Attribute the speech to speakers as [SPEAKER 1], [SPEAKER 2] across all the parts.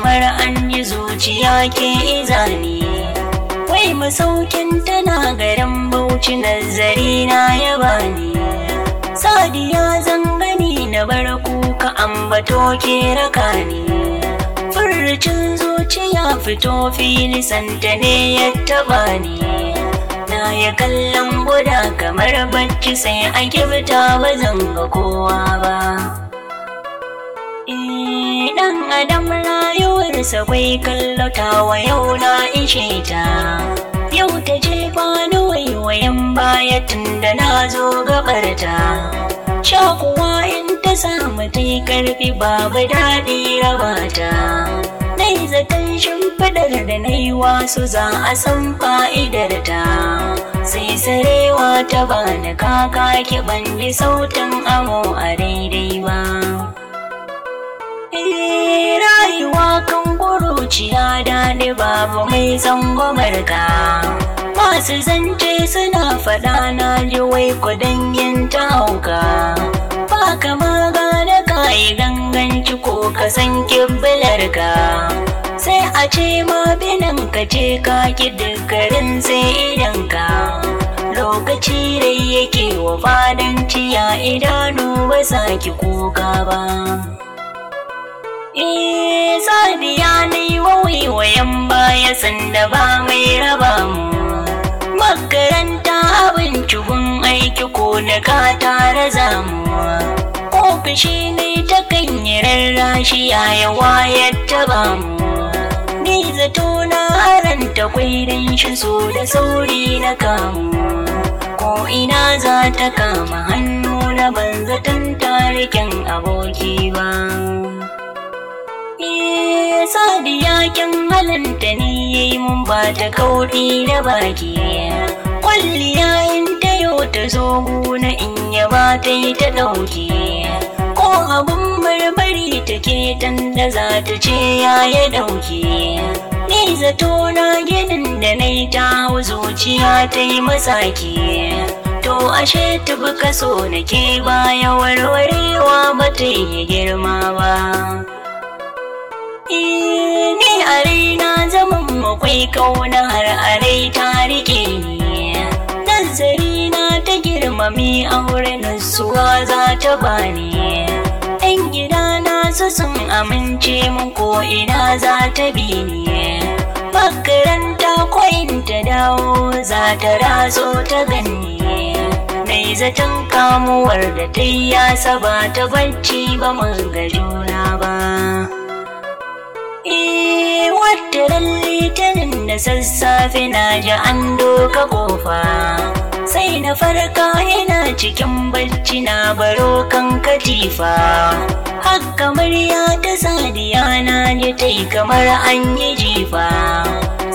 [SPEAKER 1] kamar an yi zuciya ke izani wai masaukin tana garin bauchi nazari na ya bani sadiya gani na bar kuka ambato ke raka ni furcin zuciya fito fili santa ne ya taba ni na ya kallon guda kamar bacci sai a kibta ba zanga kowa ba Eh, dan adam rayuwarsa bai kallaka wa yau na ishe ta yau ta je bani waiwayen baya tunda na zo ta sha kuwa in ta samu ta karfi babu daɗi rabata yi zaton shimfidar da na yi wasu za a san fa'idar ta sai sarewa ta bani kaka ki bandi sautan sautin amo a daidai ba rayuwa kan kuruciya daɗi babu mai zangomar ka masu zance suna faɗa na ji wai kudin yin ta ba kama gane ka yi ganganci ko ka san kibbilar ka sai a ce ma binin ka ce ka ki garin sai idan ka lokaci dai yake wa fadanci ya idanu ba sa ki kuka ba sadiya ne waiwayen baya sanda ba mai raba mu makaranta abin gun aiki ko na ka tare zamuwa ofishi ne ta kanyirar rashi yawa ya taba mu ni zato na haranta kwairin shi so da sauri na kamu ko ina za ta kama hannu na banzatan tarikin aboki ba da halinta halanta ya yayi mun ba ta kauri na baki kwalliya in ta yau ta zo gona in ya ba ta yi ta ɗauke ko abun marmari take dan da za ta ce ya ya ɗauke ni zato na ginin da na yi ta hau zuciya ta yi masaki to ashe tubi kaso nake baya warwarewa ba ta yi girma ba a raina zaman makwai kauna har arai ta rike nazari na ta girmami auren suwa za ta bani ɗan gida na su sun amince mu ko ina za ta bi ni makaranta kwain ta dawo za ta raso ta gani mai zaton kamuwar da ta yi ya ba ta bacci ba mun ga juna ba muwaddaran litinin da sassafe na ji an doka kofa sai na farka yana cikin bacci na baro kan katifa haka murya ta sadiya na ji tai kamar an yi jifa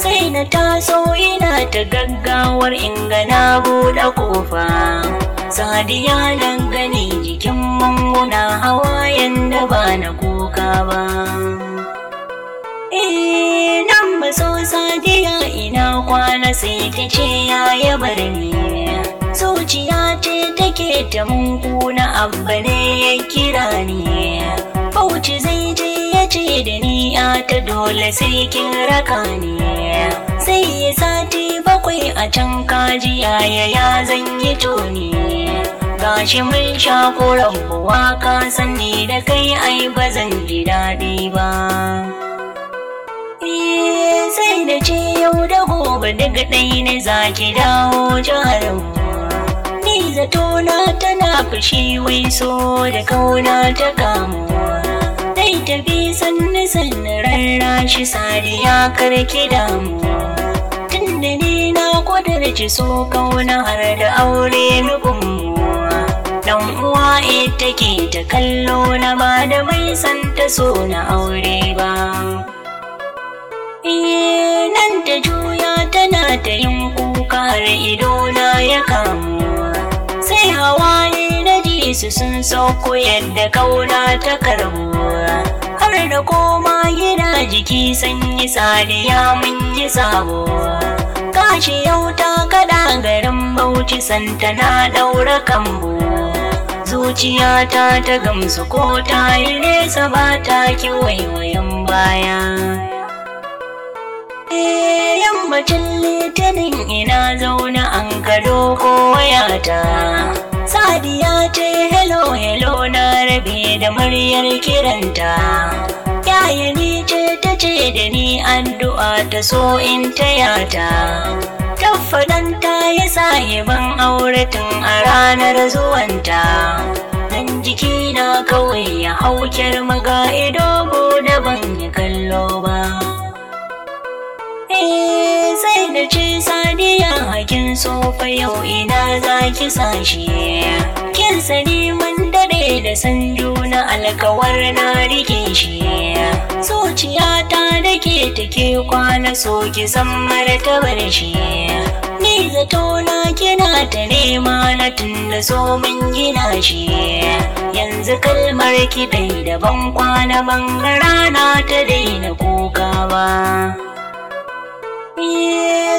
[SPEAKER 1] sai na taso ina ta gaggawar ingana buɗe kofa sadiya dangane jikin manguna hawayen da ba na kuka ba nan ba so sadiya ina kwana sai ta ce ya ya bar ni zuciya ce take ta mungu na abba ne ya kira ni bauchi zai je ya ce da ni ya ta dole sai kin raka ni sai ya sati bakwai a can kaji yaya ya zan yi tuni. gashi mun sha koran buwa ka sanni da kai ai ba zan ji daɗi ba sai da ce yau da gobe daga ɗai ne za ki dawo jihar ni zato na tana fushi wai so da kauna ta kamu. dai tafi sannu sannu rarra shi sariya karki Tun da ni na kudurci so kauna har da aure nufin dan uwa ita ke ta kallo na ba da mai santa so na aure ba ta yin kuka har na ya kamuwa sai hawaye na ji su sun sauko yadda kauna ta karbuwa har da koma gida jiki sanyi sadiya mun yi sabuwa kashi yau ta kada garin bauchi santa na daura kambu zuciyata ta gamsu ko ta yi nesa ba ta ki waiwayen baya macin litinin ina zaune an ko wayata. sadiya ce hello hello na rabe da muryar kiranta Yayani ni ce ta ce da ni du'a ta so in tayata kafadanta ya sahiban auratin a ranar zuwanta dan jiki na kawai ya haukar maga ido daban ya kallo naci ce sadiya hakin sofa yau ina za ki sashi kin sani mun dare da san juna alkawar na rike shi zuciya ta dake take kwana so ki san martabar shi ni zato na kina ta nema na tunda so mun gina shi yanzu kalmar ki bai daban kwana bangara na ta daina kuka ba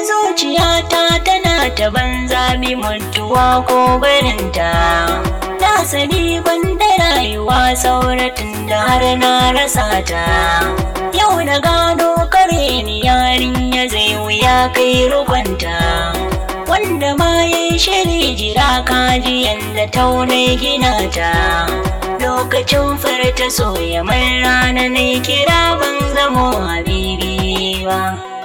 [SPEAKER 1] zuciyata tana ta banza mi mutuwa ko barinta na sani ban da rayuwa sauratin da har na rasa ta yau na gano kare ni yarin ya zai wuya kai rukunta wanda ma ya shiri jira kaji yadda taunai gina ta lokacin farta ya mai rana ne kira ban zamo habibi ba